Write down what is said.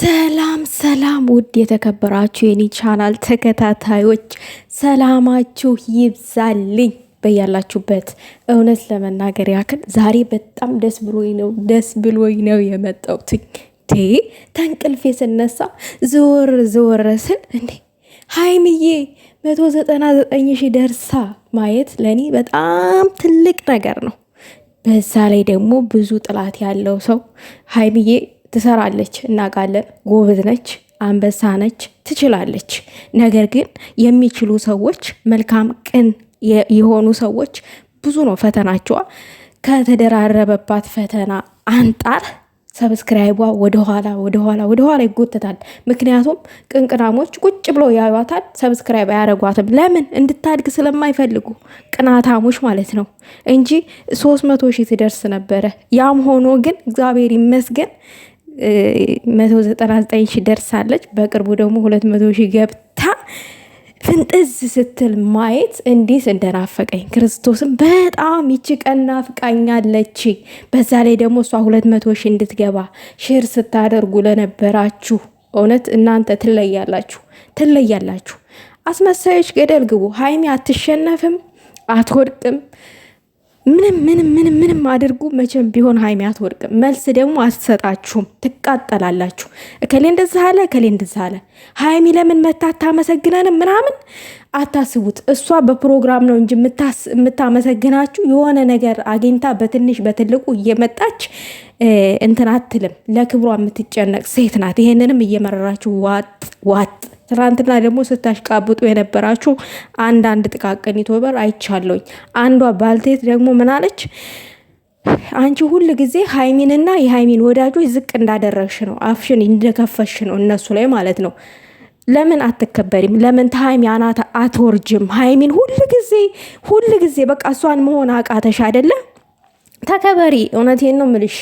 ሰላም ሰላም ውድ የተከበራችሁ የኔ ቻናል ተከታታዮች ሰላማችሁ ይብዛልኝ በያላችሁበት። እውነት ለመናገር ያክል ዛሬ በጣም ደስ ብሎኝ ነው ደስ ብሎኝ ነው የመጣሁት። ቴ ተንቅልፌ ስነሳ ዘወር ዘወር ስል እንዴ ሀይሚዬ መቶ ዘጠና ዘጠኝ ሺ ደርሳ ማየት ለእኔ በጣም ትልቅ ነገር ነው። በዛ ላይ ደግሞ ብዙ ጥላት ያለው ሰው ሀይሚዬ ትሰራለች፣ እናውቃለን። ጎበዝ ነች፣ አንበሳ ነች፣ ትችላለች። ነገር ግን የሚችሉ ሰዎች መልካም፣ ቅን የሆኑ ሰዎች ብዙ ነው ፈተናቸዋ። ከተደራረበባት ፈተና አንጣር ሰብስክራይቧ ወደኋላ ወደኋላ ወደኋላ ይጎተታል። ምክንያቱም ቅንቅናሞች ቁጭ ብለው ያዩዋታል፣ ሰብስክራይብ አያረጓትም። ለምን? እንድታድግ ስለማይፈልጉ ቅናታሞች ማለት ነው እንጂ ሶስት መቶ ሺህ ትደርስ ነበረ። ያም ሆኖ ግን እግዚአብሔር ይመስገን መቶ ዘጠና ዘጠኝ ደርሳለች። በቅርቡ ደግሞ ሁለት መቶ ገብታ ፍንጥዝ ስትል ማየት እንዲህ እንደናፈቀኝ ክርስቶስን በጣም ይቺ ቀን ናፍቃኛለች። በዛ ላይ ደግሞ እሷ ሁለት መቶ እንድትገባ ሽር ስታደርጉ ለነበራችሁ እውነት እናንተ ትለያላችሁ፣ ትለያላችሁ። አስመሳዮች ገደል ግቡ። ሀይሚ አትሸነፍም፣ አትወድቅም። ምንም ምንም ምንም ምንም አድርጉ መቼም ቢሆን ሀይሚ አትወድቅም። መልስ ደግሞ አትሰጣችሁም፣ ትቃጠላላችሁ። እከሌ እንደዚህ አለ፣ እከሌ እንደዚህ አለ፣ ሀይሚ ለምን መታ አታመሰግነንም ምናምን አታስቡት። እሷ በፕሮግራም ነው እንጂ የምታመሰግናችሁ የሆነ ነገር አግኝታ በትንሽ በትልቁ እየመጣች እንትን አትልም። ለክብሯ የምትጨነቅ ሴት ናት። ይሄንንም እየመረራችሁ ዋጥ ዋጥ ትናንትና ደግሞ ስታሽቃብጡ የነበራችሁ አንዳንድ ጥቃቅን ዩቱበር አይቻለሁኝ አንዷ ባልቴት ደግሞ ምናለች? አንቺ ሁል ጊዜ ሀይሚንና የሀይሚን ወዳጆች ዝቅ እንዳደረግሽ ነው፣ አፍሽን እንደከፈሽ ነው እነሱ ላይ ማለት ነው። ለምን አትከበሪም? ለምን ተሀይሚ አናት አትወርጅም? ሀይሚን ሁል ጊዜ ሁል ጊዜ በቃ እሷን መሆን አቃተሽ አይደለ? ተከበሪ። እውነቴን ነው ምልሽ።